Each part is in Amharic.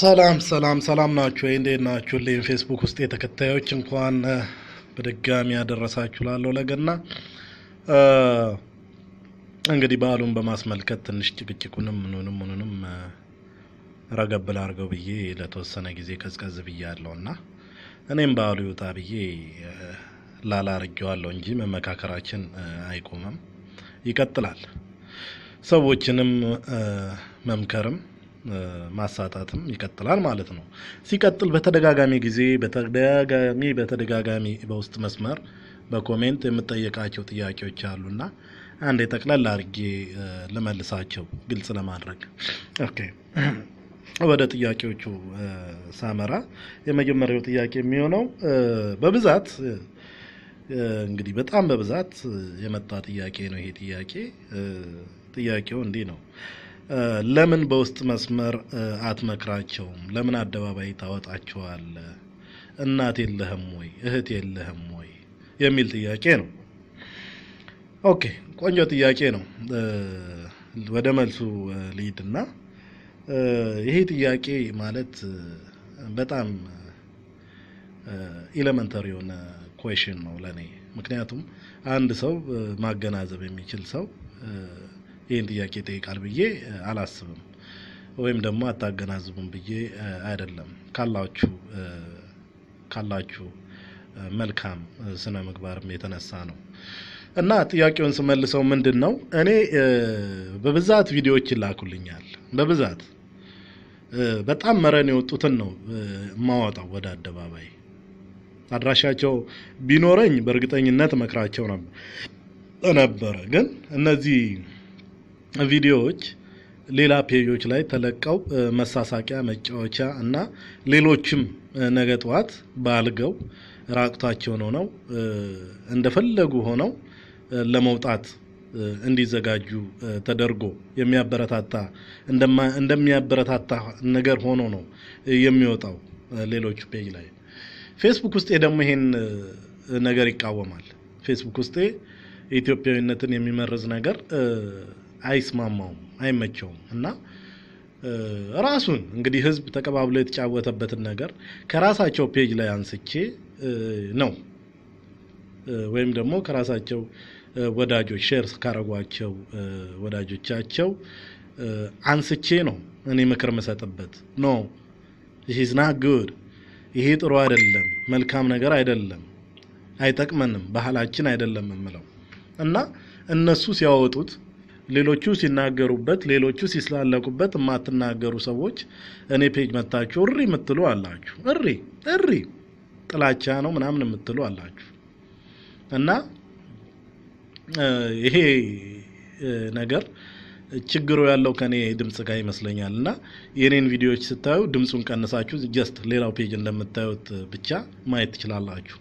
ሰላም ሰላም ሰላም ናችሁ ወይ? እንዴት ናችሁ? ሌን ፌስቡክ ውስጥ የተከታዮች እንኳን በድጋሚ ያደረሳችሁ ላለው ለገና እንግዲህ በዓሉን በማስመልከት ትንሽ ጭቅጭቁንም ምኑንም ምኑንም ረገብል ላድርገው ብዬ ለተወሰነ ጊዜ ቀዝቀዝ ብዬ አለው እና እኔም በዓሉ ይውጣ ብዬ ላላርጌዋለሁ እንጂ መመካከራችን አይቆምም፣ ይቀጥላል። ሰዎችንም መምከርም ማሳጣትም ይቀጥላል ማለት ነው። ሲቀጥል በተደጋጋሚ ጊዜ በተደጋጋሚ በተደጋጋሚ በውስጥ መስመር በኮሜንት የምጠየቃቸው ጥያቄዎች አሉና አንድ የጠቅላላ አድርጌ ልመልሳቸው ግልጽ ለማድረግ ወደ ጥያቄዎቹ ሳመራ የመጀመሪያው ጥያቄ የሚሆነው በብዛት እንግዲህ በጣም በብዛት የመጣ ጥያቄ ነው። ይሄ ጥያቄ ጥያቄው እንዲህ ነው። ለምን በውስጥ መስመር አትመክራቸውም? ለምን አደባባይ ታወጣቸዋለ እናት የለህም ወይ እህት የለህም ወይ የሚል ጥያቄ ነው። ኦኬ ቆንጆ ጥያቄ ነው። ወደ መልሱ ልሂድና ይሄ ጥያቄ ማለት በጣም ኢሌመንተሪ የሆነ ኮሽን ነው ለእኔ። ምክንያቱም አንድ ሰው ማገናዘብ የሚችል ሰው ይህን ጥያቄ ይጠይቃል ብዬ አላስብም ወይም ደግሞ አታገናዝቡም ብዬ አይደለም ካላችሁ ካላችሁ መልካም ስነ ምግባርም የተነሳ ነው። እና ጥያቄውን ስመልሰው ምንድን ነው እኔ በብዛት ቪዲዮዎች ይላኩልኛል። በብዛት በጣም መረን የወጡትን ነው የማወጣው ወደ አደባባይ። አድራሻቸው ቢኖረኝ በእርግጠኝነት መክራቸው ነበር ግን እነዚህ ቪዲዮዎች ሌላ ፔጆች ላይ ተለቀው መሳሳቂያ፣ መጫወቻ እና ሌሎችም ነገ ጠዋት ባልገው ራቁታቸውን ሆነው እንደፈለጉ ሆነው ለመውጣት እንዲዘጋጁ ተደርጎ የሚያበረታታ እንደሚያበረታታ ነገር ሆኖ ነው የሚወጣው ሌሎቹ ፔጅ ላይ። ፌስቡክ ውስጤ ደግሞ ይሄን ነገር ይቃወማል። ፌስቡክ ውስጤ ኢትዮጵያዊነትን የሚመርዝ ነገር አይስማማውም፣ አይመቸውም እና ራሱን እንግዲህ ህዝብ ተቀባብሎ የተጫወተበትን ነገር ከራሳቸው ፔጅ ላይ አንስቼ ነው ወይም ደግሞ ከራሳቸው ወዳጆች ሼር ካረጓቸው ወዳጆቻቸው አንስቼ ነው እኔ ምክር መሰጥበት ኖ ኢዝ ናት ጉድ፣ ይሄ ጥሩ አይደለም፣ መልካም ነገር አይደለም፣ አይጠቅመንም፣ ባህላችን አይደለም የምለው እና እነሱ ሲያወጡት ሌሎቹ ሲናገሩበት ሌሎቹ ሲስላለቁበት የማትናገሩ ሰዎች እኔ ፔጅ መታችሁ እሪ የምትሉ አላችሁ። እሪ እሪ ጥላቻ ነው ምናምን የምትሉ አላችሁ። እና ይሄ ነገር ችግሩ ያለው ከኔ ድምጽ ጋር ይመስለኛል። እና የኔን ቪዲዮዎች ስታዩ ድምፁን ቀንሳችሁ ጀስት ሌላው ፔጅ እንደምታዩት ብቻ ማየት ትችላላችሁ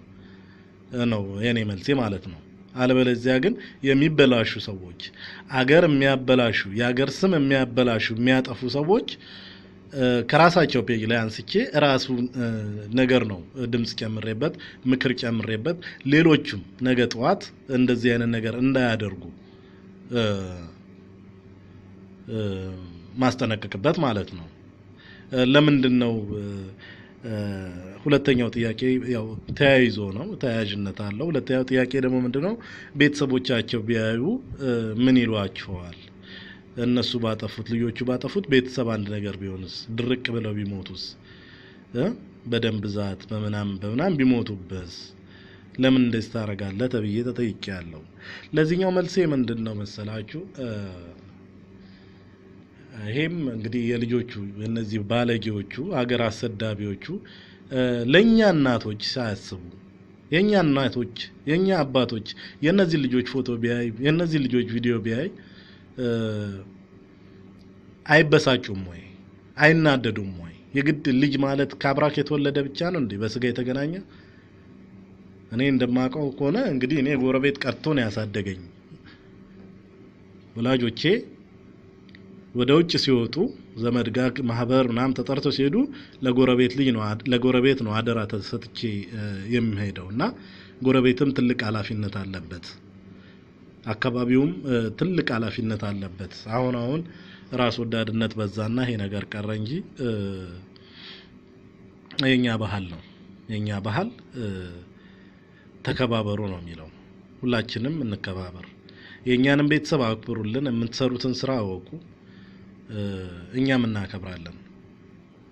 ነው የኔ መልሴ ማለት ነው። አለበለዚያ ግን የሚበላሹ ሰዎች አገር የሚያበላሹ የአገር ስም የሚያበላሹ የሚያጠፉ ሰዎች ከራሳቸው ፔጅ ላይ አንስቼ ራሱ ነገር ነው ድምፅ ጨምሬበት ምክር ጨምሬበት ሌሎቹም ነገ ጠዋት እንደዚህ አይነት ነገር እንዳያደርጉ ማስጠነቀቅበት ማለት ነው። ለምንድን ነው ሁለተኛው ጥያቄ ያው ተያይዞ ነው፣ ተያያዥነት አለው። ሁለተኛው ጥያቄ ደግሞ ምንድነው ቤተሰቦቻቸው ቢያዩ ምን ይሏቸዋል? እነሱ ባጠፉት ልጆቹ ባጠፉት ቤተሰብ አንድ ነገር ቢሆንስ? ድርቅ ብለው ቢሞቱስ? በደም ብዛት በምናም በምናም ቢሞቱበስ? ለምን እንደዚህ ታደርጋለህ ተብዬ ተጠይቄ ያለው ለዚህኛው መልሴ ምንድን ነው መሰላችሁ ይሄም እንግዲህ የልጆቹ እነዚህ ባለጌዎቹ አገር አሰዳቢዎቹ ለእኛ እናቶች ሳያስቡ የእኛ እናቶች የእኛ አባቶች የእነዚህ ልጆች ፎቶ ቢያይ የእነዚህ ልጆች ቪዲዮ ቢያይ አይበሳጩም ወይ? አይናደዱም ወይ? የግድ ልጅ ማለት ከአብራክ የተወለደ ብቻ ነው እንዴ? በስጋ የተገናኘ እኔ እንደማውቀው ከሆነ እንግዲህ እኔ ጎረቤት ቀርቶ ነው ያሳደገኝ ወላጆቼ ወደ ውጭ ሲወጡ ዘመድ ጋር ማህበር ምናም ተጠርተው ሲሄዱ ለጎረቤት ልጅ ነው ለጎረቤት ነው አደራ ተሰጥቼ የሚሄደው እና ጎረቤትም ትልቅ ኃላፊነት አለበት። አካባቢውም ትልቅ ኃላፊነት አለበት። አሁን አሁን ራስ ወዳድነት በዛና ይሄ ነገር ቀረ እንጂ የኛ ባህል ነው የኛ ባህል ተከባበሩ ነው የሚለው። ሁላችንም እንከባበር። የእኛንም ቤተሰብ አክብሩልን። የምትሰሩትን ስራ አወቁ። እኛም እናከብራለን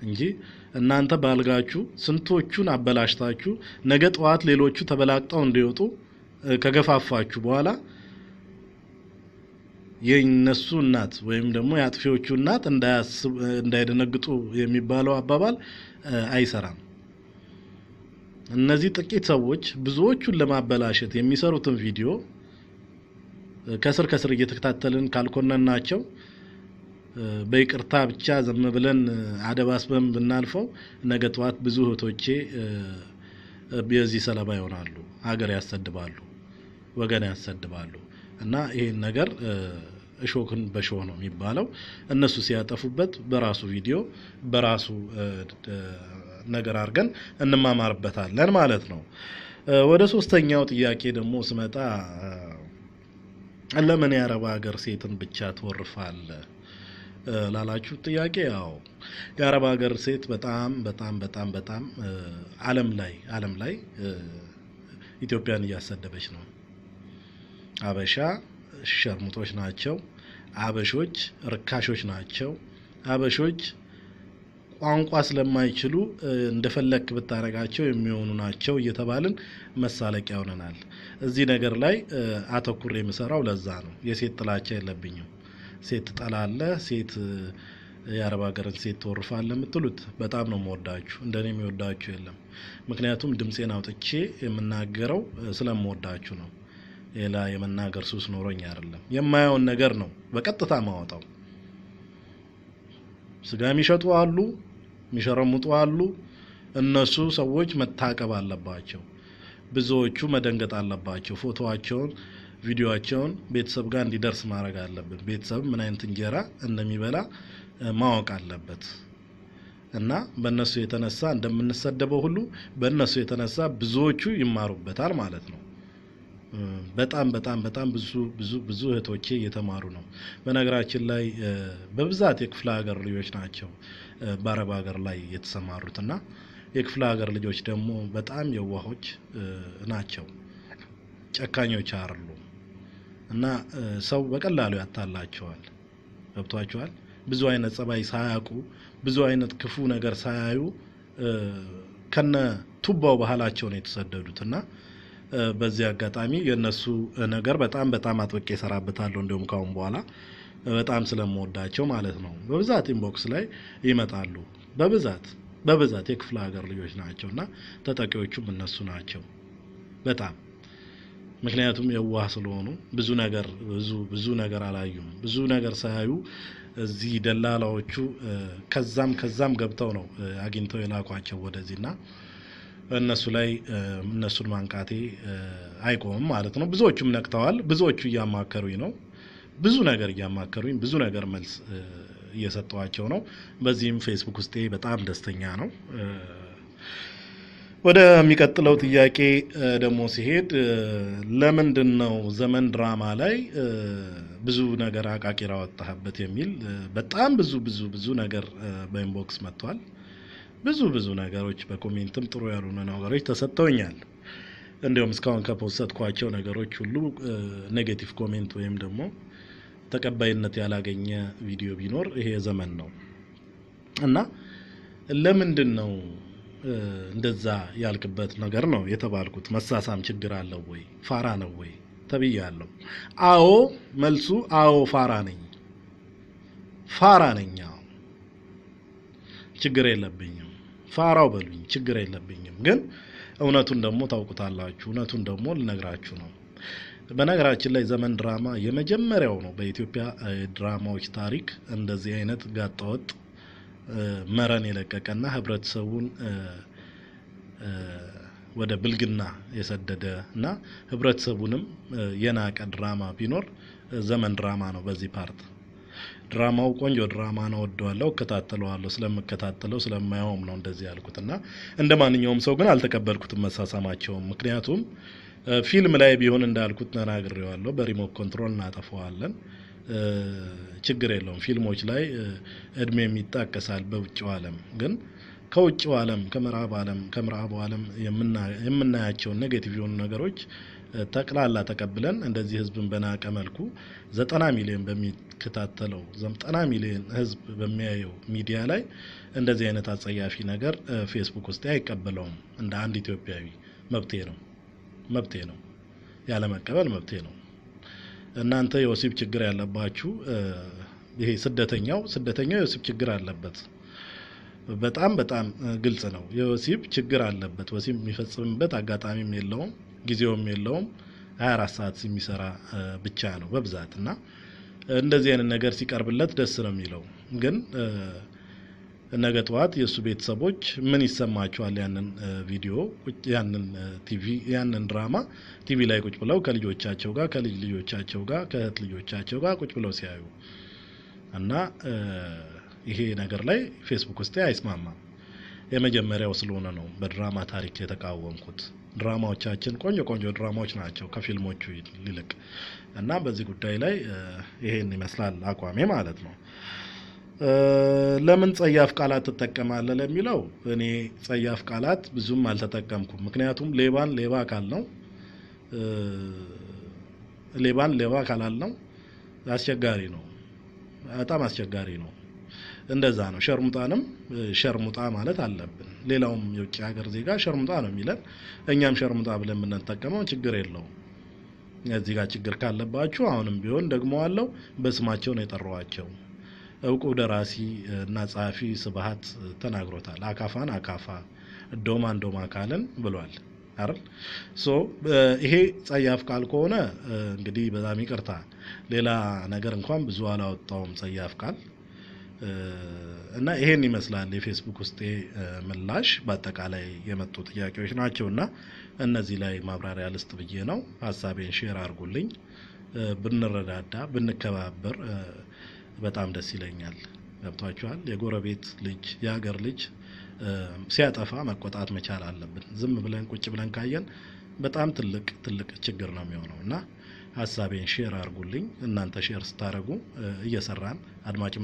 እንጂ እናንተ ባልጋችሁ ስንቶቹን አበላሽታችሁ ነገ ጠዋት ሌሎቹ ተበላቅጠው እንዲወጡ ከገፋፋችሁ በኋላ የነሱ እናት ወይም ደግሞ የአጥፊዎቹ እናት እንዳይደነግጡ የሚባለው አባባል አይሰራም። እነዚህ ጥቂት ሰዎች ብዙዎቹን ለማበላሸት የሚሰሩትን ቪዲዮ ከስር ከስር እየተከታተልን ካልኮነን ናቸው በይቅርታ ብቻ ዘም ብለን አደባስበን ብናልፈው ነገ ጠዋት ብዙ እህቶቼ የዚህ ሰለባ ይሆናሉ። ሀገር ያሰድባሉ፣ ወገን ያሰድባሉ። እና ይህን ነገር እሾክን በሾህ ነው የሚባለው። እነሱ ሲያጠፉበት በራሱ ቪዲዮ በራሱ ነገር አድርገን እንማማርበታለን ማለት ነው። ወደ ሶስተኛው ጥያቄ ደግሞ ስመጣ ለምን የአረብ ሀገር ሴትን ብቻ ትወርፋለህ? ላላችሁ ጥያቄ ያው የአረብ ሀገር ሴት በጣም በጣም በጣም በጣም ዓለም ላይ ዓለም ላይ ኢትዮጵያን እያሰደበች ነው። አበሻ ሸርሙጦች ናቸው። አበሾች ርካሾች ናቸው። አበሾች ቋንቋ ስለማይችሉ እንደፈለክ ብታረጋቸው የሚሆኑ ናቸው እየተባልን መሳለቂያ ሆነናል። እዚህ ነገር ላይ አተኩር የምሰራው ለዛ ነው። የሴት ጥላቻ የለብኝም። ሴት ጠላለ ሴት የአረብ ሀገርን ሴት ትወርፋለ የምትሉት በጣም ነው የምወዳችሁ። እንደኔ የሚወዳችሁ የለም። ምክንያቱም ድምፄን አውጥቼ የምናገረው ስለምወዳችሁ ነው። ሌላ የመናገር ሱስ ኖሮኝ አይደለም። የማየውን ነገር ነው በቀጥታ ማወጣው። ስጋ የሚሸጡ አሉ፣ የሚሸረሙጡ አሉ። እነሱ ሰዎች መታቀብ አለባቸው። ብዙዎቹ መደንገጥ አለባቸው። ፎቶዋቸውን ቪዲዮቸውን ቤተሰብ ጋር እንዲደርስ ማድረግ አለብን። ቤተሰብ ምን አይነት እንጀራ እንደሚበላ ማወቅ አለበት። እና በእነሱ የተነሳ እንደምንሰደበው ሁሉ በእነሱ የተነሳ ብዙዎቹ ይማሩበታል ማለት ነው። በጣም በጣም በጣም ብዙ ብዙ ብዙ እህቶቼ እየተማሩ ነው። በነገራችን ላይ በብዛት የክፍለ ሀገር ልጆች ናቸው በአረብ ሀገር ላይ የተሰማሩት እና የክፍለ ሀገር ልጆች ደግሞ በጣም የዋሆች ናቸው፣ ጨካኞች አይደሉም። እና ሰው በቀላሉ ያታላቸዋል። ገብቷቸዋል። ብዙ አይነት ጸባይ ሳያውቁ ብዙ አይነት ክፉ ነገር ሳያዩ ከነ ቱባው ባህላቸው ነው የተሰደዱት እና በዚህ አጋጣሚ የእነሱ ነገር በጣም በጣም አጥብቄ እሰራበታለሁ። እንዲሁም ካሁን በኋላ በጣም ስለምወዳቸው ማለት ነው። በብዛት ኢንቦክስ ላይ ይመጣሉ። በብዛት በብዛት የክፍለ ሀገር ልጆች ናቸው እና ተጠቂዎቹም እነሱ ናቸው በጣም ምክንያቱም የዋህ ስለሆኑ ብዙ ነገር ብዙ ብዙ ነገር አላዩም። ብዙ ነገር ሳያዩ እዚህ ደላላዎቹ ከዛም ከዛም ገብተው ነው አግኝተው የላኳቸው ና እነሱ ላይ እነሱን ማንቃቴ አይቆምም ማለት ነው። ብዙዎቹም ነቅተዋል። ብዙዎቹ እያማከሩኝ ነው። ብዙ ነገር እያማከሩኝ፣ ብዙ ነገር መልስ እየሰጠዋቸው ነው። በዚህም ፌስቡክ ውስጤ በጣም ደስተኛ ነው። ወደሚቀጥለው ጥያቄ ደግሞ ሲሄድ ለምንድን ነው ዘመን ድራማ ላይ ብዙ ነገር አቃቂራ ወጣህበት የሚል በጣም ብዙ ብዙ ብዙ ነገር በኢንቦክስ መጥቷል። ብዙ ብዙ ነገሮች በኮሜንትም ጥሩ ያልሆኑ ነገሮች ተሰጥተውኛል። እንዲሁም እስካሁን ከፖሰትኳቸው ነገሮች ሁሉ ኔጌቲቭ ኮሜንት ወይም ደግሞ ተቀባይነት ያላገኘ ቪዲዮ ቢኖር ይሄ ዘመን ነው እና ለምንድን ነው እንደዛ ያልክበት ነገር ነው የተባልኩት። መሳሳም ችግር አለው ወይ ፋራ ነው ወይ ተብያለሁ። አዎ መልሱ አዎ ፋራ ነኝ፣ ፋራ ነኝ። ችግር የለብኝም፣ ፋራው በሉኝ፣ ችግር የለብኝም። ግን እውነቱን ደግሞ ታውቁታላችሁ። እውነቱን ደግሞ ልነግራችሁ ነው። በነገራችን ላይ ዘመን ድራማ የመጀመሪያው ነው በኢትዮጵያ ድራማዎች ታሪክ እንደዚህ አይነት ጋጠወጥ መረን የለቀቀና ህብረተሰቡን ወደ ብልግና የሰደደ እና ህብረተሰቡንም የናቀ ድራማ ቢኖር ዘመን ድራማ ነው። በዚህ ፓርት ድራማው ቆንጆ ድራማ ነው፣ ወደዋለሁ፣ እከታተለዋለሁ። ስለምከታተለው ስለማየውም ነው እንደዚህ ያልኩት እና እንደ ማንኛውም ሰው ግን አልተቀበልኩትም መሳሳማቸውም። ምክንያቱም ፊልም ላይ ቢሆን እንዳልኩት ተናግሬዋለሁ፣ በሪሞት ኮንትሮል እናጠፈዋለን። ችግር የለውም። ፊልሞች ላይ እድሜም ይጠቀሳል በውጭው ዓለም ግን ከውጭው ዓለም ከምዕራብ ዓለም ከምዕራቡ ዓለም የምናያቸውን ኔጌቲቭ የሆኑ ነገሮች ጠቅላላ ተቀብለን እንደዚህ ህዝብን በናቀ መልኩ ዘጠና ሚሊዮን በሚከታተለው ዘጠና ሚሊዮን ህዝብ በሚያየው ሚዲያ ላይ እንደዚህ አይነት አጸያፊ ነገር ፌስቡክ ውስጥ አይቀበለውም። እንደ አንድ ኢትዮጵያዊ መብቴ ነው መብቴ ነው ያለመቀበል መብቴ ነው። እናንተ የወሲብ ችግር ያለባችሁ ይሄ ስደተኛው ስደተኛው የወሲብ ችግር አለበት። በጣም በጣም ግልጽ ነው። የወሲብ ችግር አለበት። ወሲብ የሚፈጽምበት አጋጣሚም የለውም፣ ጊዜውም የለውም። 24 ሰዓት የሚሰራ ብቻ ነው በብዛት እና እንደዚህ አይነት ነገር ሲቀርብለት ደስ ነው የሚለው ግን ነገ ጠዋት የእሱ ቤተሰቦች ምን ይሰማቸዋል? ያንን ቪዲዮ ያንን ቲቪ ያንን ድራማ ቲቪ ላይ ቁጭ ብለው ከልጆቻቸው ጋር ከልጅ ልጆቻቸው ጋር ከእህት ልጆቻቸው ጋር ቁጭ ብለው ሲያዩ እና ይሄ ነገር ላይ ፌስቡክ ውስጥ አይስማማም። የመጀመሪያው ስለሆነ ነው በድራማ ታሪክ የተቃወምኩት። ድራማዎቻችን ቆንጆ ቆንጆ ድራማዎች ናቸው ከፊልሞቹ ይልቅ እና በዚህ ጉዳይ ላይ ይሄን ይመስላል አቋሜ ማለት ነው። ለምን ጸያፍ ቃላት ትጠቀማለህ ለሚለው እኔ ጸያፍ ቃላት ብዙም አልተጠቀምኩም። ምክንያቱም ሌባን ሌባ ነው ሌባን ሌባ ነው። አስቸጋሪ ነው በጣም አስቸጋሪ ነው። እንደዛ ነው ሸርሙጣንም ሸርሙጣ ማለት አለብን ሌላውም የውጭ ሀገር ዜጋ ሸርሙጣ ነው የሚለን እኛም ሸርሙጣ ብለን የምንጠቀመው ችግር የለውም። እዚህ ጋር ችግር ካለባችሁ አሁንም ቢሆን ደግመዋለሁ በስማቸው ነው የጠራኋቸው እውቁ ደራሲ እና ጸሐፊ ስብሀት ተናግሮታል። አካፋን አካፋ ዶማን ዶማ ካለን ብሏል አይደል? ሶ ይሄ ጸያፍ ቃል ከሆነ እንግዲህ በጣም ይቅርታ፣ ሌላ ነገር እንኳን ብዙ አላወጣውም ጸያፍ ቃል እና ይሄን ይመስላል የፌስቡክ ውስጤ ምላሽ። በአጠቃላይ የመጡ ጥያቄዎች ናቸው እና እነዚህ ላይ ማብራሪያ ልስጥ ብዬ ነው። ሀሳቤን ሼር አድርጉልኝ። ብንረዳዳ ብንከባበር በጣም ደስ ይለኛል። ገብቷችኋል? የጎረቤት ልጅ የሀገር ልጅ ሲያጠፋ መቆጣት መቻል አለብን። ዝም ብለን ቁጭ ብለን ካየን በጣም ትልቅ ትልቅ ችግር ነው የሚሆነው እና ሀሳቤን ሼር አድርጉልኝ። እናንተ ሼር ስታደርጉ እየሰራን አድማጭ